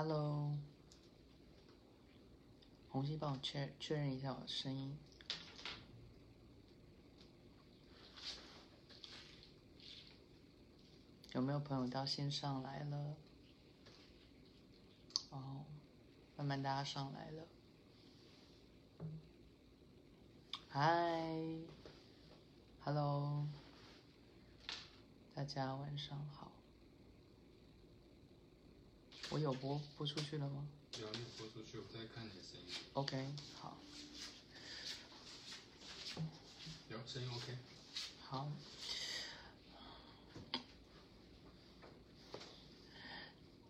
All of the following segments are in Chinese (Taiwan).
Hello，紅心幫我確確認一下我的聲音，有沒有朋友到線上來了？哦、Oh，慢慢大家上來了。Hi，Hello，大家晚上好。我有播播出去了嗎？有，有播出去。我再看你的聲音。OK，好。有聲音 OK。好。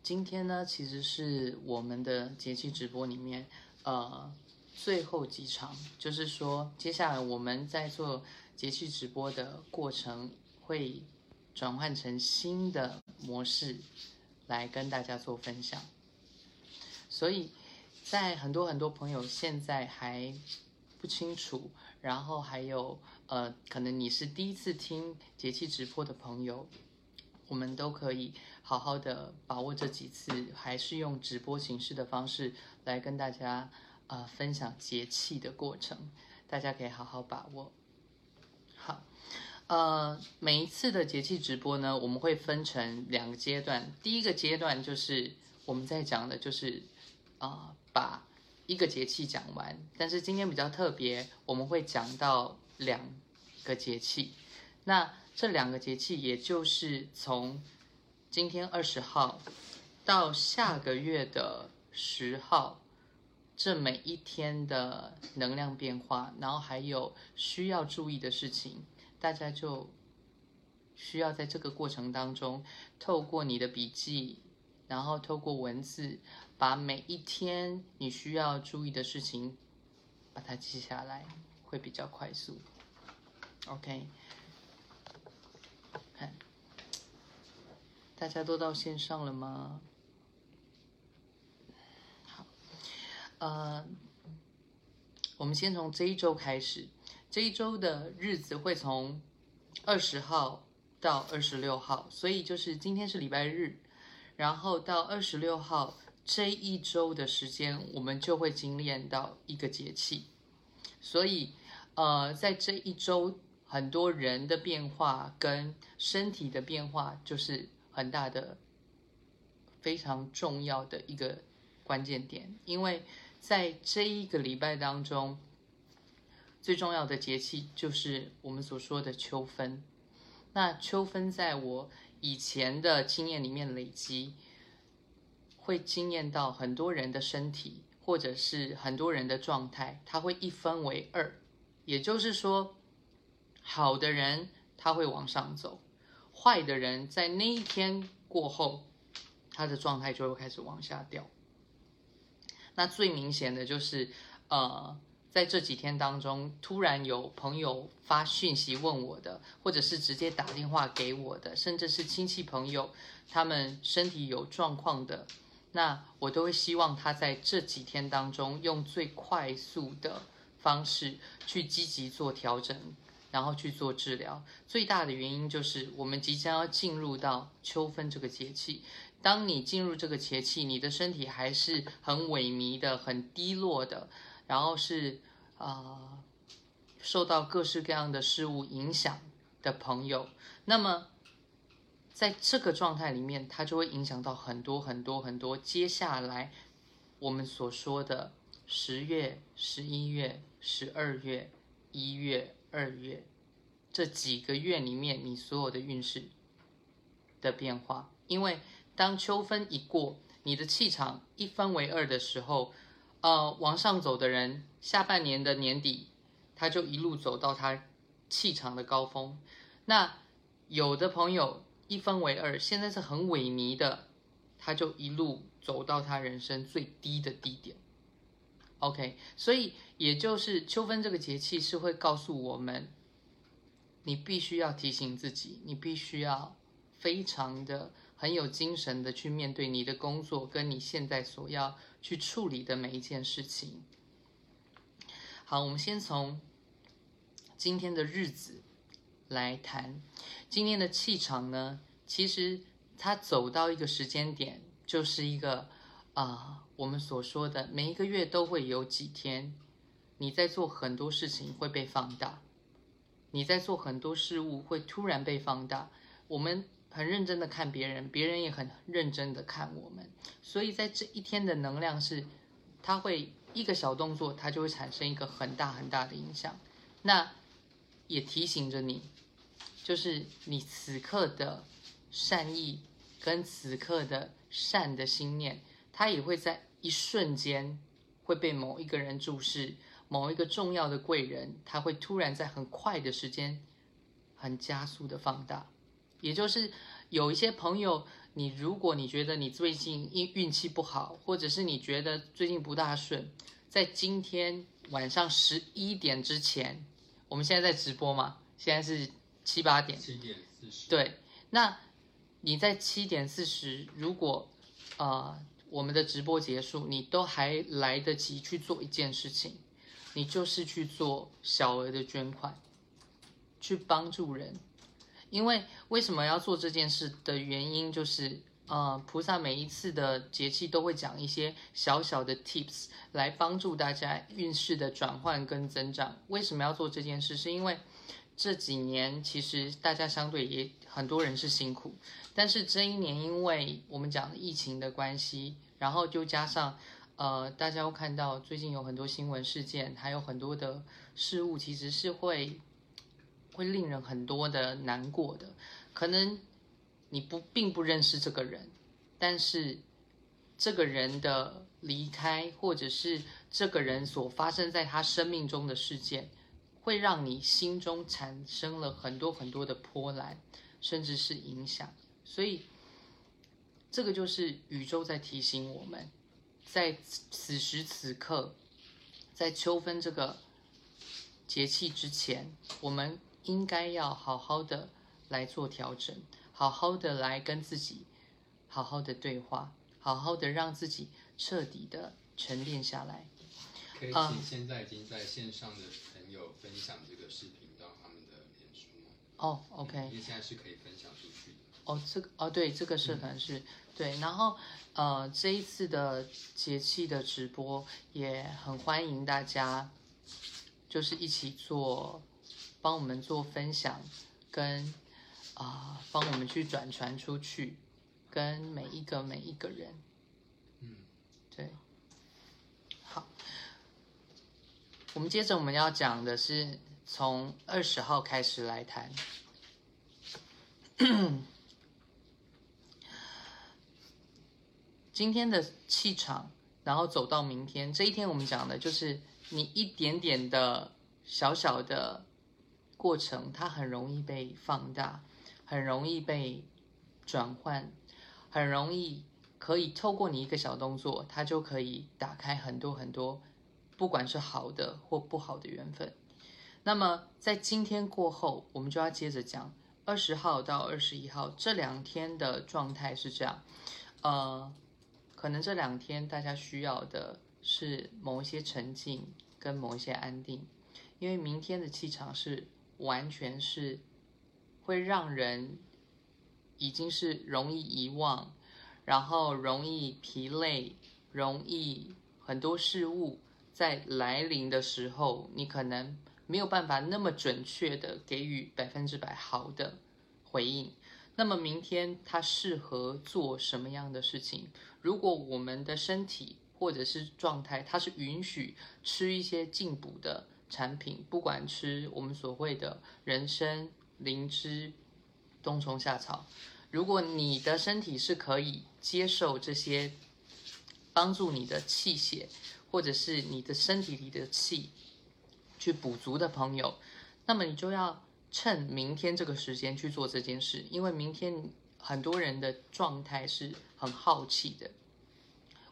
今天呢，其實是我們的節氣直播裡面，呃，最後幾場，就是說，接下來我們在做節氣直播的過程，會轉換成新的模式。來跟大家做分享，所以，在很多很多朋友現在還不清楚，然後還有呃，可能你是第一次聽節氣直播的朋友，我們都可以好好的把握這幾次，還是用直播形式的方式來跟大家呃分享節氣的過程，大家可以好好把握。呃，每一次的節氣直播呢，我們會分成兩個階段。第一個階段就是我們在講的，就是啊、呃，把一個節氣講完。但是今天比較特別，我們會講到兩個節氣。那這兩個節氣，也就是從今天二十號到下個月的十號，這每一天的能量變化，然後還有需要注意的事情。大家就需要在這個過程當中，透過你的筆記，然後透過文字，把每一天你需要注意的事情，把它記下來，會比較快速。OK，看，大家都到線上了嗎？好，呃，我們先從這一周開始。這一周的日子會從二十號到二十六號，所以就是今天是禮拜日，然後到二十六號這一周的時間，我們就會經歷到一個節氣。所以，呃，在這一周，很多人的變化跟身體的變化就是很大的、非常重要的一個關鍵點，因為在這一個禮拜當中。最重要的節氣就是我們所說的秋分。那秋分在我以前的經驗裡面累積，會驚豔到很多人的身體，或者是很多人的狀態，它會一分為二。也就是說，好的人他會往上走，壞的人在那一天過後，他的狀態就會開始往下掉。那最明顯的就是，呃。在這幾天當中，突然有朋友發訊息問我的，或者是直接打電話給我的，甚至是親戚朋友，他們身體有狀況的，那我都會希望他在這幾天當中用最快速的方式去積極做調整，然後去做治療。最大的原因就是我們即將要進入到秋分這個節氣，當你進入這個節氣，你的身體還是很萎靡的，很低落的。然後是，啊、呃，受到各式各樣的事物影響的朋友。那麼，在這個狀態裡面，它就會影響到很多很多很多。接下來，我們所說的十月、十一月、十二月、一月、二月這幾個月裡面，你所有的運勢的變化。因為當秋分一過，你的氣場一分為二的時候。呃、uh，往上走的人，下半年的年底，他就一路走到他氣場的高峰。那有的朋友一分為二，現在是很萎靡的，他就一路走到他人生最低的低點。OK，所以也就是秋分這個節氣是會告訴我們，你必須要提醒自己，你必須要非常的。很有精神的去面對你的工作，跟你現在所要去處理的每一件事情。好，我們先從今天的日子來談。今天的氣場呢，其實它走到一個時間點，就是一個啊，我們所說的每一個月都會有幾天，你在做很多事情會被放大，你在做很多事物會突然被放大。我們。很認真的看別人，別人也很認真的看我們，所以在這一天的能量是，他會一個小動作，它就會產生一個很大很大的影響。那也提醒着你，就是你此刻的善意跟此刻的善的心念，它也會在一瞬間會被某一個人注視，某一個重要的貴人，他會突然在很快的時間，很加速的放大。也就是有一些朋友，你如果你覺得你最近運運氣不好，或者是你覺得最近不大順，在今天晚上十一點之前，我們現在在直播嘛，現在是七八點，七點四十。對，那你在七點四十，如果啊、呃，我們的直播結束，你都還來得及去做一件事情，你就是去做小額的捐款，去幫助人。因為為什麼要做這件事的原因，就是呃，菩薩每一次的節氣都會講一些小小的 tips 來幫助大家運勢的轉換跟增長。為什麼要做這件事？是因為這幾年其實大家相對也很多人是辛苦，但是這一年因為我們講疫情的關係，然後就加上呃，大家會看到最近有很多新聞事件，還有很多的事物其實是會。會令人很多的難過的，可能你不並不認識這個人，但是這個人的離開，或者是這個人所發生在他生命中的事件，會讓你心中產生了很多很多的波瀾，甚至是影響。所以，這個就是宇宙在提醒我們，在此時此刻，在秋分這個節氣之前，我們。應該要好好的來做調整，好好的來跟自己，好好的對話，好好的讓自己徹底的沉澱下來。可以請現在已經在線上的朋友分享這個視頻到他們的臉書哦。Uh, oh, OK，因為現在是可以分享出去的哦。Oh, 這個哦，oh, 對，這個社團是、嗯，對。然後呃，這一次的節氣的直播也很歡迎大家，就是一起做。幫我們做分享，跟啊、呃，幫我們去轉傳出去，跟每一個每一個人，嗯，對，好，我們接着我們要講的是從二十號開始來談 今天的氣場，然後走到明天這一天，我們講的就是你一點點的小小的。過程它很容易被放大，很容易被轉換，很容易可以透過你一個小動作，它就可以打開很多很多，不管是好的或不好的緣分。那麼在今天過後，我們就要接着講二十號到二十一號這兩天的狀態是這樣，呃，可能這兩天大家需要的是某一些沉靜跟某一些安定，因為明天的氣場是。完全是會讓人已經是容易遺忘，然後容易疲累，容易很多事物在來臨的時候，你可能沒有辦法那麼準確的給予百分之百好的回應。那麼明天它適合做什麼樣的事情？如果我們的身體或者是狀態，它是允許吃一些進補的。產品不管吃我們所謂的人參、靈芝、冬蟲夏草，如果你的身體是可以接受這些幫助你的氣血，或者是你的身體裡的氣去補足的朋友，那麼你就要趁明天這個時間去做這件事，因為明天很多人的狀態是很耗氣的。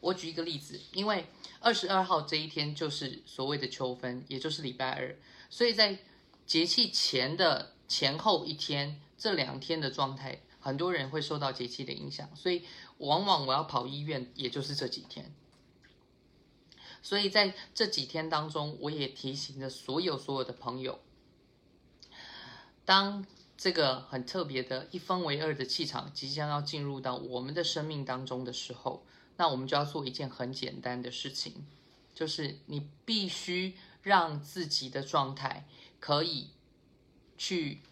我舉一個例子，因為二十二號這一天就是所謂的秋分，也就是禮拜二，所以在節氣前的前後一天，這兩天的狀態，很多人會受到節氣的影響，所以往往我要跑醫院，也就是這幾天。所以在這幾天當中，我也提醒了所有所有的朋友，當這個很特別的一分為二的氣場即將要進入到我們的生命當中的時候。那我們就要做一件很簡單的事情，就是你必須讓自己的狀態可以去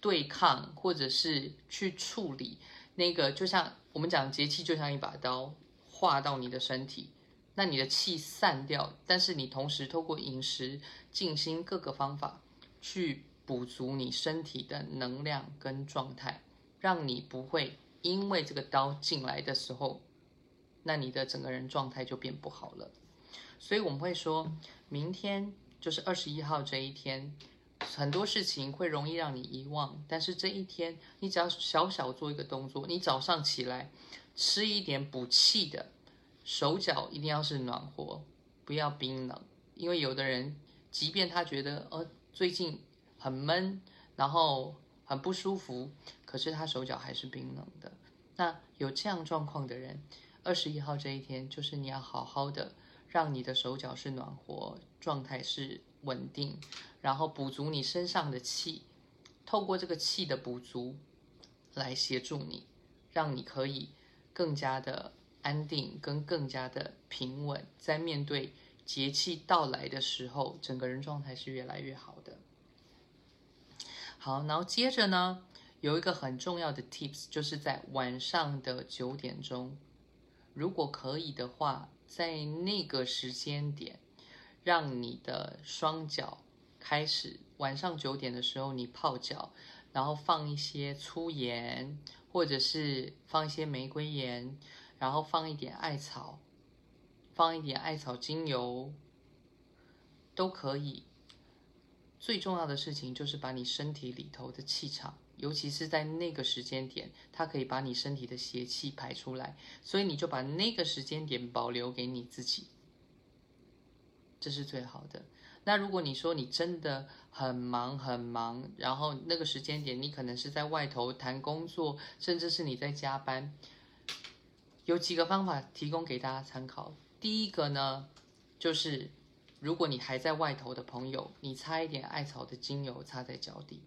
對抗，或者是去處理那個。就像我們講，節氣就像一把刀劃到你的身體，那你的氣散掉，但是你同時透過飲食、進行各個方法去補足你身體的能量跟狀態，讓你不會因為這個刀進來的時候。那你的整個人狀態就變不好了，所以我們會說，明天就是二十一號這一天，很多事情會容易讓你遺忘。但是這一天，你只要小小做一個動作，你早上起來吃一點補氣的，手腳一定要是暖和，不要冰冷。因為有的人，即便他覺得呃最近很悶，然後很不舒服，可是他手腳還是冰冷的。那有這樣狀況的人。二十一號這一天，就是你要好好的，讓你的手腳是暖和，狀態是穩定，然後補足你身上的氣，透過這個氣的補足來協助你，讓你可以更加的安定跟更加的平穩，在面對節氣到來的時候，整個人狀態是越來越好的。好，然後接着呢，有一個很重要的 tips，就是在晚上的九點鐘，如果可以的話，在那個時間點，讓你的雙腳開始。晚上九點的時候，你泡腳，然後放一些粗鹽，或者是放一些玫瑰鹽，然後放一點艾草，放一點艾草精油，都可以。最重要的事情就是把你身體裡頭的氣場。尤其是在那個時間點，它可以把你身體的邪氣排出來，所以你就把那個時間點保留給你自己，這是最好的。那如果你說你真的很忙很忙，然後那個時間點你可能是在外頭談工作，甚至是你在加班，有幾個方法提供給大家參考。第一個呢，就是如果你還在外頭的朋友，你擦一點艾草的精油，擦在腳底。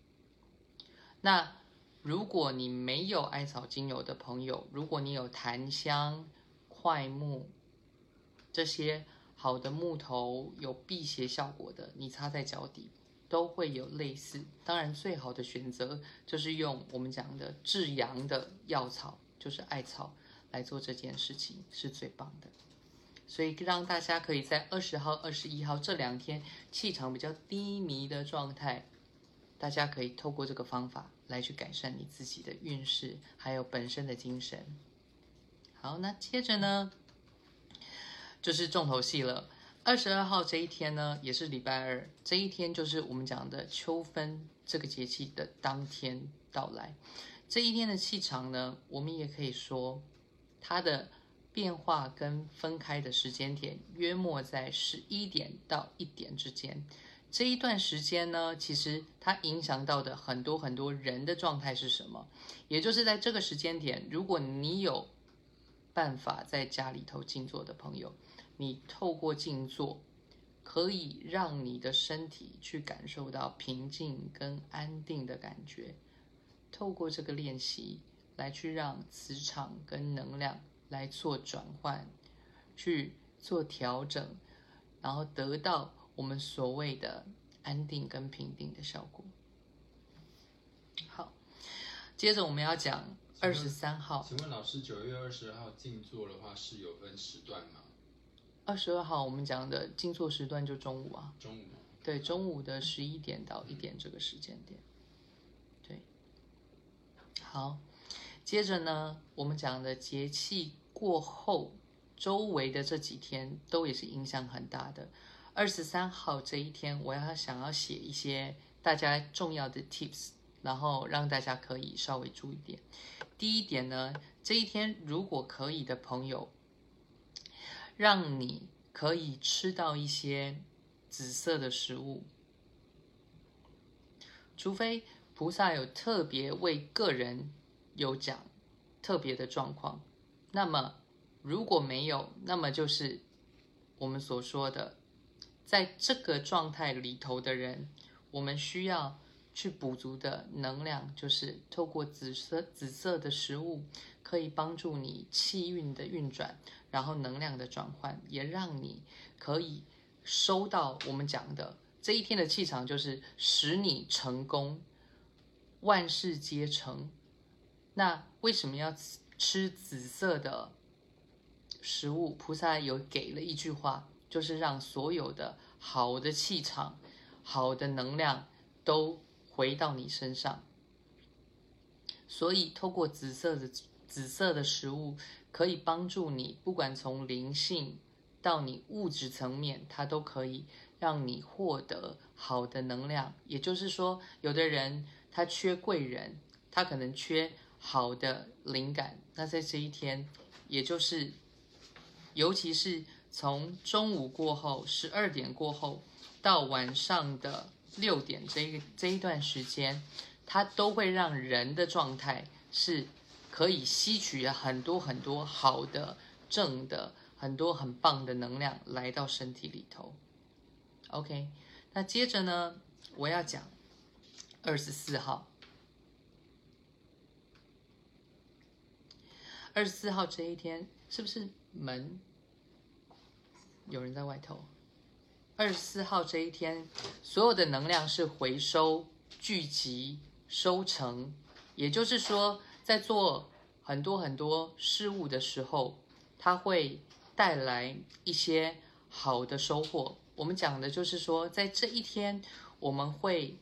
那如果你沒有艾草精油的朋友，如果你有檀香、檜木、這些好的木頭有辟邪效果的，你擦在腳底都會有類似。當然，最好的選擇就是用我們講的至陽的藥草，就是艾草來做這件事情是最棒的。所以讓大家可以在二十號、二十一號這兩天氣場比較低迷的狀態，大家可以透過這個方法來去改善你自己的運勢，還有本身的精神。好，那接着呢，就是重頭戲了。二十二號這一天呢，也是禮拜二，這一天就是我們講的秋分這個節氣的當天到來。這一天的氣場呢，我們也可以說它的變化跟分開的時間點，約莫在十一點到一點之間。這一段時間呢，其實它影響到的很多很多人的狀態是什麼？也就是在這個時間點，如果你有辦法在家裡頭靜坐的朋友，你透過靜坐，可以讓你的身體去感受到平靜跟安定的感覺。透過這個練習來去讓磁場跟能量來做轉換，去做調整，然後得到。我們所謂的安定跟平定的效果。好，接着我們要講二十三號請問，。請問老師，九月二十號靜坐的話是有分時段嗎？二十二號我們講的靜坐時段就中午啊。中午。對，中午的十一點到一點這個時間點、嗯。對。好，接着呢，我們講的節氣過後，周圍的這幾天都也是影響很大的。二十三號這一天，我要想要寫一些大家重要的 tips，然後讓大家可以稍微注意一點。第一點呢，這一天如果可以的朋友，讓你可以吃到一些紫色的食物，除非菩薩有特別為個人有講特別的狀況，那麼如果沒有，那麼就是我們所說的。在這個狀態裡頭的人，我們需要去補足的能量，就是透過紫色紫色的食物，可以幫助你氣運的運轉，然後能量的轉換，也讓你可以收到我們講的這一天的氣場，就是使你成功，萬事皆成。那為什麼要吃紫色的食物？菩薩有給了一句話。就是讓所有的好的氣場、好的能量都回到你身上。所以，透過紫色的紫色的食物，可以幫助你，不管從靈性到你物質層面，它都可以讓你獲得好的能量。也就是說，有的人他缺貴人，他可能缺好的靈感。那在這一天，也就是，尤其是。從中午過後，十二點過後到晚上的六點這一這一段時間，它都會讓人的狀態是可以吸取很多很多好的、正的、很多很棒的能量來到身體裡頭。OK，那接着呢，我要講二十四號，二十四號這一天是不是門？有人在外頭。二十四號這一天，所有的能量是回收、聚集、收成，也就是說，在做很多很多事物的時候，它會帶來一些好的收穫。我們講的就是說，在這一天，我們會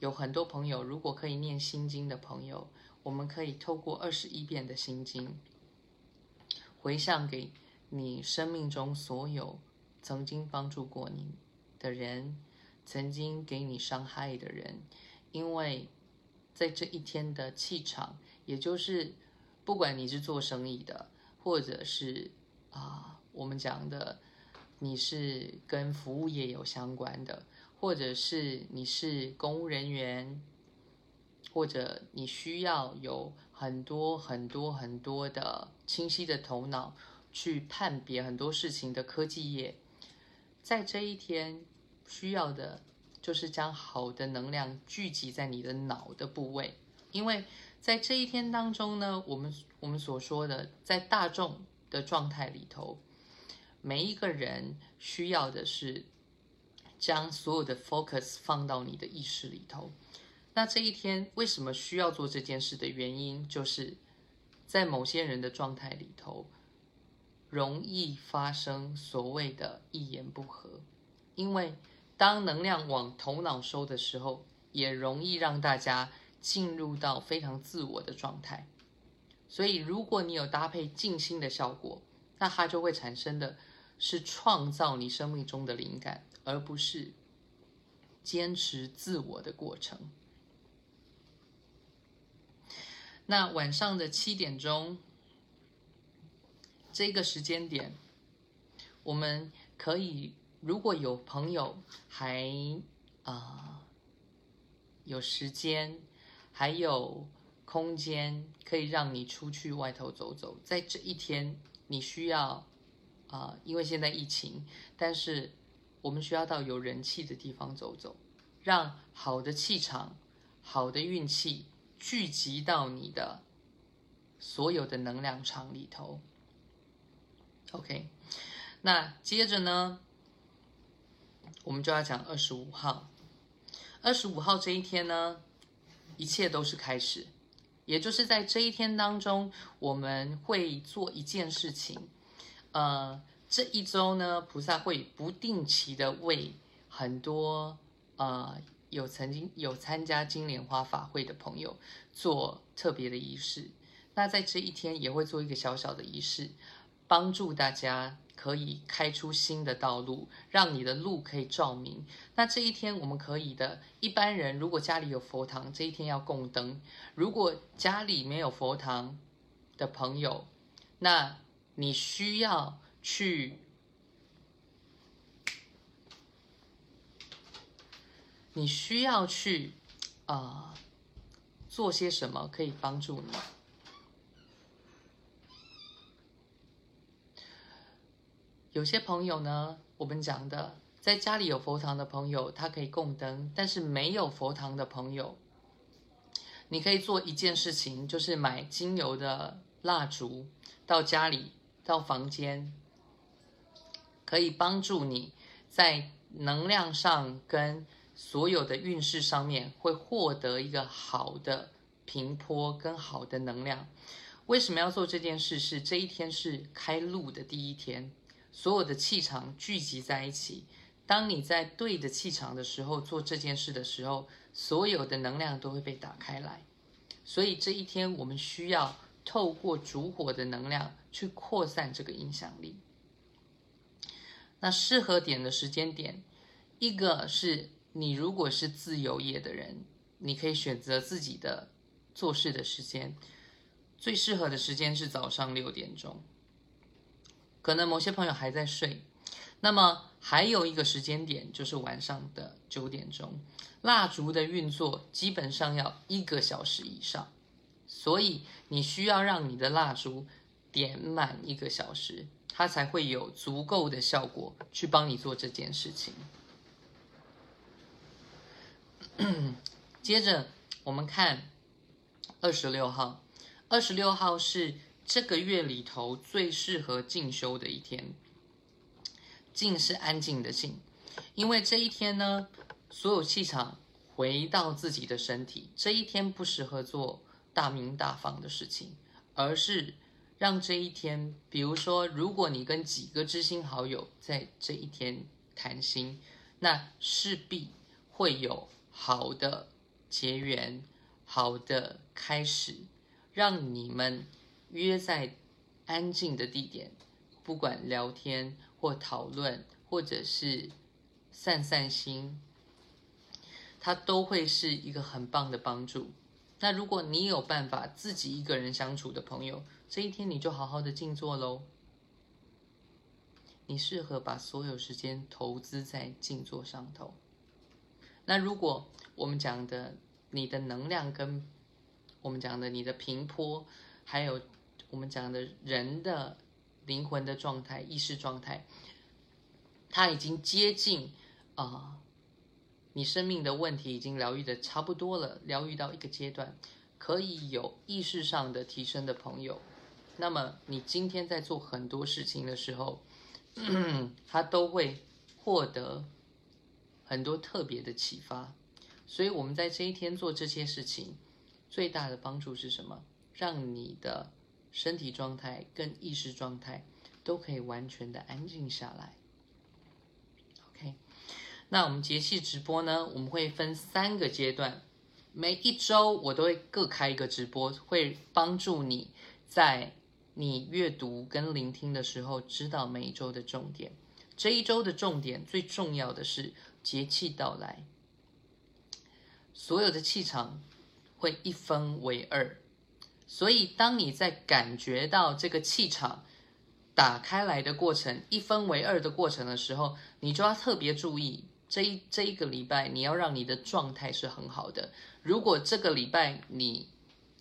有很多朋友，如果可以念心經的朋友，我們可以透過二十一遍的心經回向給。你生命中所有曾經幫助過你的人，曾經給你傷害的人，因為在這一天的氣場，也就是不管你是做生意的，或者是啊，我們講的你是跟服務業有相關的，或者是你是公務人員，或者你需要有很多很多很多的清晰的頭腦。去判別很多事情的科技業，在這一天需要的就是將好的能量聚集在你的腦的部位，因為在這一天當中呢，我們我們所說的在大眾的狀態裡頭，每一個人需要的是將所有的 focus 放到你的意識裡頭。那這一天為什麼需要做這件事的原因，就是在某些人的狀態裡頭。容易發生所謂的一言不合，因為當能量往頭腦收的時候，也容易讓大家進入到非常自我的狀態。所以，如果你有搭配靜心的效果，那它就會產生的是創造你生命中的靈感，而不是堅持自我的過程。那晚上的七點鐘。這個時間點，我們可以如果有朋友還啊、呃、有時間，還有空間，可以讓你出去外頭走走。在這一天，你需要啊、呃，因為現在疫情，但是我們需要到有人氣的地方走走，讓好的氣場、好的運氣聚集到你的所有的能量場裡頭。OK，那接着呢，我們就要講二十五號。二十五號這一天呢，一切都是開始，也就是在這一天當中，我們會做一件事情。呃，這一周呢，菩薩會不定期的為很多呃有曾經有參加金蓮花法會的朋友做特別的儀式。那在這一天也會做一個小小的儀式。幫助大家可以開出新的道路，讓你的路可以照明。那這一天我們可以的，一般人如果家裡有佛堂，這一天要供燈；如果家裡沒有佛堂的朋友，那你需要去，你需要去，啊、呃、做些什麼可以幫助你？有些朋友呢，我們講的，在家裡有佛堂的朋友，他可以供燈；但是沒有佛堂的朋友，你可以做一件事情，就是買精油的蠟燭，到家裡、到房間，可以幫助你在能量上跟所有的運勢上面會獲得一個好的平坡跟好的能量。為什麼要做這件事是？是這一天是開路的第一天。所有的氣場聚集在一起，當你在對的氣場的時候做這件事的時候，所有的能量都會被打開來。所以這一天，我們需要透過燭火的能量去擴散這個影響力。那適合點的時間點，一個是你如果是自由業的人，你可以選擇自己的做事的時間。最適合的時間是早上六點鐘。可能某些朋友還在睡，那麼還有一個時間點就是晚上的九點鐘。蠟燭的運作基本上要一個小時以上，所以你需要讓你的蠟燭點滿一個小時，它才會有足夠的效果去幫你做這件事情。 接着我們看二十六號，二十六號是。這個月裡頭最適合靜修的一天，靜是安靜的靜，因為這一天呢，所有氣場回到自己的身體。這一天不適合做大鳴大放的事情，而是讓這一天，比如說，如果你跟幾個知心好友在這一天談心，那勢必會有好的結緣，好的開始，讓你們。約在安靜的地點，不管聊天或討論，或者是散散心，它都會是一個很棒的幫助。那如果你有辦法自己一個人相處的朋友，這一天你就好好的靜坐嘍。你適合把所有時間投資在靜坐上頭。那如果我們講的你的能量跟我們講的你的平坡，還有。我們講的人的靈魂的狀態、意識狀態，他已經接近啊、呃，你生命的問題已經療癒得差不多了，療癒到一個階段，可以有意識上的提升的朋友，那麼你今天在做很多事情的時候，他都會獲得很多特別的啟發。所以我們在這一天做這些事情，最大的幫助是什麼？讓你的。身體狀態跟意識狀態都可以完全的安靜下來。OK，那我們節氣直播呢？我們會分三個階段，每一周我都會各開一個直播，會幫助你在你閱讀跟聆聽的時候，知道每一周的重點。這一周的重點最重要的是節氣到來，所有的氣場會一分為二。所以，當你在感覺到這個氣場打開來的過程，一分為二的過程的時候，你就要特別注意。這一這一個禮拜，你要讓你的狀態是很好的。如果這個禮拜你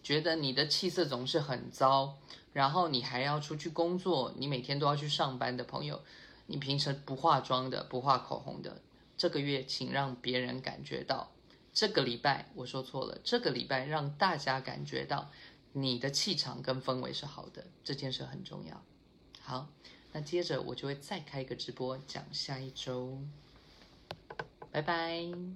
覺得你的氣色總是很糟，然後你還要出去工作，你每天都要去上班的朋友，你平時不化妝的，不化口紅的，這個月請讓別人感覺到。這個禮拜我說錯了，這個禮拜讓大家感覺到。你的氣場跟氛圍是好的，這件事很重要。好，那接着我就會再開一個直播，講下一周。拜拜。